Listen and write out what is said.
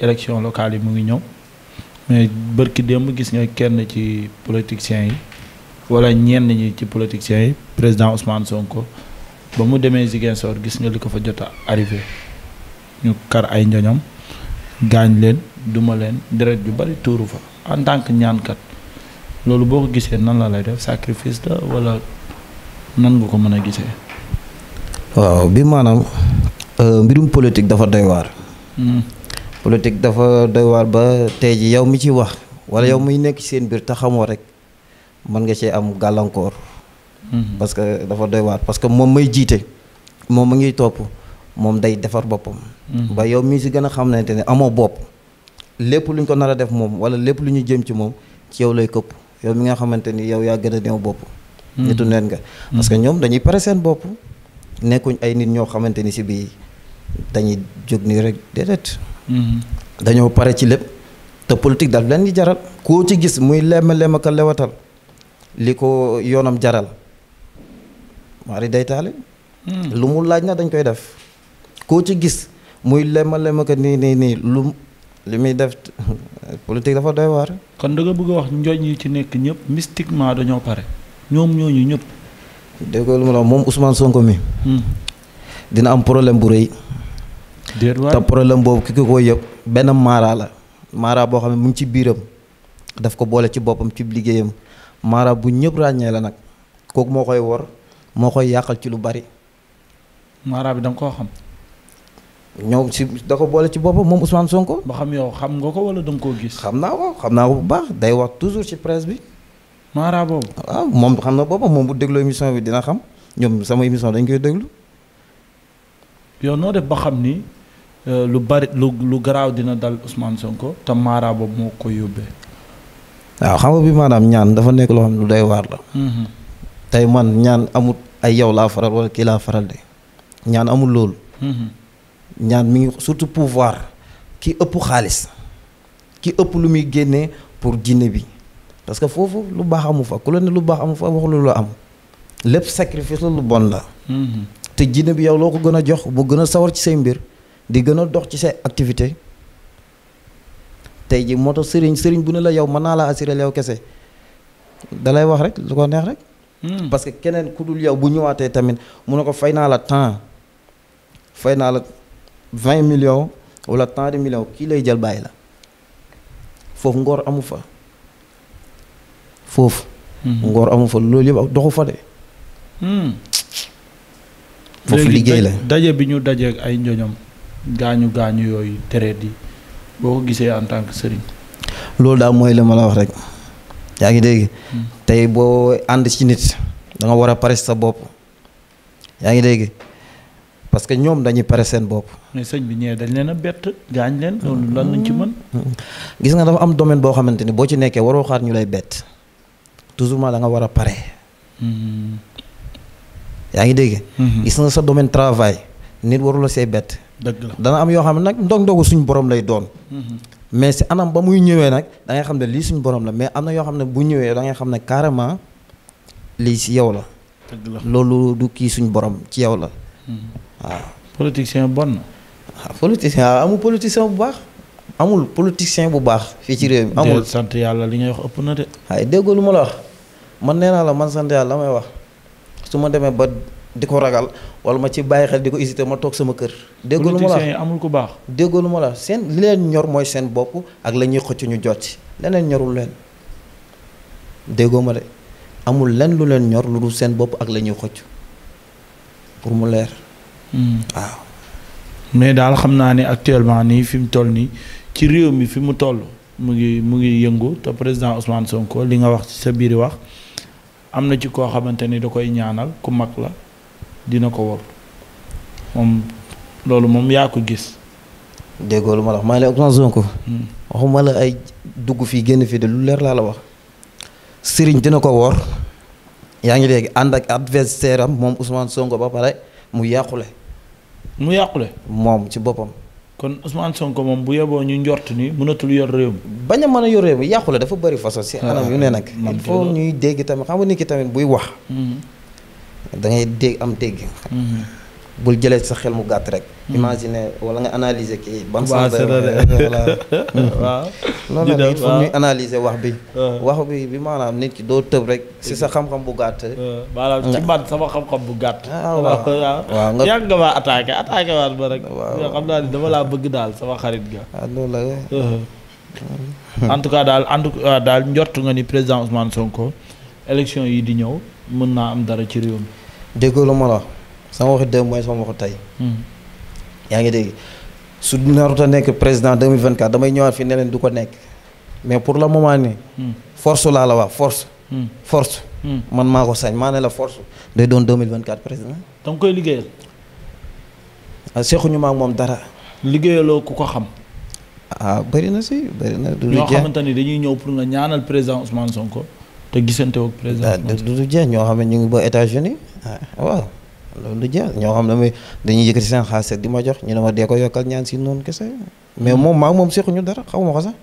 élection locale yi mu ngi ñëw mais bërki démb gis nga kenn ci politiciens yi wala ñenn ñi ci politiciens yi président Ousmane Sonko ba mu demee Ziguinchor gis nga li ko fa jot a arrivé ñu kar ay njoñam gaañ leen duma leen deret ju bari tuuru fa en tant que ñaankat loolu boo ko gisee nan la lay def sacrifice la wala nan nga ko mën a gisee. waaw bi maanaam euh, mbirum politique dafa doy politique dafa doy ba tey ji yow mi ci wax wala yow muy nekk ci seen biir te xamoo rek mën nga cee am gàllankoor. Mhm. parce que dafa doy waar parce que moom may jiite moom mu ngi topp moom day defar boppam. Mhm. ba yow mi si gën a xamante ne amoo bopp lépp lu ñu ko nar a def moom wala lépp lu ñu jëm ci moom ci yow lay këpp yow mi nga xamante ni yow yaa gën a néew bopp. Mhm. nitu neen nga. parce que ñoom dañuy pare seen bopp nekkuñ ay nit ñoo xamante ni si bii dañuy jóg nii rek Mm-hmm. dañoo pare ci lépp te politique daf leen di jaral koo ci gis muy lemm lemm ka lewatal li ko yoonam jaral maari day taale mm. lu mu laaj na dañ koy def koo ci gis muy lemm lemm ka nii nii nii lu li muy def politique dafa doy waar. kon da bëgg a wax njooñ yi ci nekk ñëpp mystiquement dañoo pare ñoom ñooñu ñëpp. dégg lu ma la moom Ousmane Sonko mi. Mm. dina am problème bu rëy. te problème boobu ki ko koy yëpp benn maara la maara boo xam ne mu ngi ci biiram daf ko boole ci boppam ci liggéeyam maara bu ñëpp ràññee la nag kooku moo koy wor moo koy yàqal ci lu bari. maara bi da koo xam. ñoom si da boole ci boppam moom Ousmane Sonko. ba xam yow xam nga ko wala da xam naa xam naa bu baax day wax toujours ci presse bi. maara boobu. waaw ah, moom xam na boppam moom bu dégloo émission bi dina xam ñoom sama émission dañ koy déglu. yow noo def ba xam ni. Eh, lu bari lu lu garaaw dina dal Ousmane Sonko te maara boobu moo ko yóbbee. waaw xam bi maanaam ñaan dafa nekk loo xam lu day waar la. Mm-hmm. tey man ñaan amut ay yow laa faral wala kii laa faral de ñaan amul loolu. Mm-hmm. ñaan mi ngi surtout pouvoir ki ëpp xaalis ki ëpp lu muy génne pour jinne bi parce que foofu lu baax amu fa ku la ne lu baax amu fa wax lu la am lépp sacrifice la lu bon la. Mm-hmm. te jinne bi yow loo ko gën a jox bu gën a sawar ci say mbir. di gën a dox ci say activité tey ji moo tax sëriñ sëriñ bu ne la yow mën naa laa assuré yow kese da wax rek lu ko neex rek. Hmm. parce que keneen ku dul yow bu ñëwaatee tamit mu ne ko fay naa la temps fay naa la vingt millions wala tant de millions kii lay jël bàyyi la foofu ngoor amu fa foofu. Hmm. ngoor amu fa loolu yëpp doxu fa de. Hmm. foofu liggéey la daje bi ñu dajeeg ay njoñom gaañu gaañu yooyu tereet yi boo ko gisee en tant que sëriñ. loolu daal mooy li ma la wax rek yaa ngi dégg. Hmm. tey boo ànd ci nit da nga war a pare sa bopp yaa ngi dégg parce que ñoom dañuy pare seen bopp. mais sëñ bi ñëwee dañ leen a bett gaañ leen. lan lañ ci mën. Hmm. gis nga dafa am domaine boo xamante ni boo ci nekkee waroo xaar ñu lay bett toujours ma da nga war a pare. Hmm. yaa ngi dégg. gis nga sa domaine travail nit warula see bett. dëgg la dana am yo xamne nak nag ndog-ndogu suñu borom lay doon. mais ci anam ba muy ñëwé nak da ngay xamne li lii suñu borom la mais amna yo xamne bu ñëwé da ngay xamne carrément li ci yow la. dëgg la loolu du ki suñu borom ci yow la. Hmm. waaw. politicien bon na. waaw ah, politicien ah, amul politicien bu baax. amul politicien bu baax. fi ci réew amul sant yalla li ngay wax ëpp na dé ay déggu luma la wax man néna la man sant yalla lamay wax suma démé ba diko ragal wala ma ci baye xel diko hésiter ma tok sama kër. déggoo lu la amul ko bax déggoo lu ma la seen li leen ñor moy sen bop ak lañuy ñuy ñu jot ci leneen ñorul leen de amul len lu leen ñor lu sen bop ak lañuy ñuy pour mu leer. Hmm. waaw. mais dal xamna ni actuellement ni fi toll ni ci réew mi fi toll mu ngi mu ngi yëngu ta président Ousmane Sonko li nga wax ci sa biir wax amna ci ko xamanteni da koy ñaanal ku mak la. dina ko wor moom loolu moom yaa ko gis. déggoo lu ma la wax maa Sonko hmm. waxuma la ay dugg fii génn fii de lu leer laa la wax. Sëriñ dina ko wor yaa ngi dégg ànd ak adversaire moom usmaan Sonko ba pare mu yàqule. mu yàqule. moom ci boppam. kon Ousmane Sonko moom bu yeboo ñu njort ni mënatul yor réew mi. bañ a mën a yor réew mi yàqule dafa bari façon si anam yu ne nag. Ah, il ñuy dégg tamit xam nit ki tamit buy wax. Hmm. da ngay dégg am dégg. Mhm. bul jëlee sa xel mu gàtt rek. Mhm. imaginer wala nga analyser kii ban. waaw c'est hmm. waaw. loolu la wax bi. wax bi maanaam nit ki doo rek si sa xam-xam bu gàtt. maanaam ci man sama xam-xam bu gàtt. Ah, waaw waaw nga yàgg nga maa attaqué attaqué waat ma rek. waaw xam naa ni dama laa bëgg daal sama xarit ga. waaw ah, euh. tout cas daal en daal njort nga ni président Ousmane Sonko. élection yi di ñëw mën naa am dara ci réew mi. déggoo la ma la sama waxu démb mooy sama waxu tey. Hmm. yaa ngi dégg su narut a nekk président 2024 damay ñëwaat fi ne leen du ko nekk mais pour le moment nii. Hmm. force laa la wax force. Hmm. force. man maa ko sañ maa ne la force day doon 2024 président. da nga koy liggéeyal. Ah, seexuñu ma ak moom dara. liggéeyaloo ku ko xam. ah bari na si bëri na. du ñoo xamante ni dañuy ñëw pour nga ñaanal président Ousmane Sonko. te gisante ak président ah, du jeex ñoo xam ne ñu ngi ba États-Unis ah, waaw loolu du jeex ñoo xam ne mooy dañuy yëkkati seen xaalis rek di ma jox ñu ne ma dee ko yokkal ñaan si noonu kese mais moom maa moom sequ dara xaw ma ko sax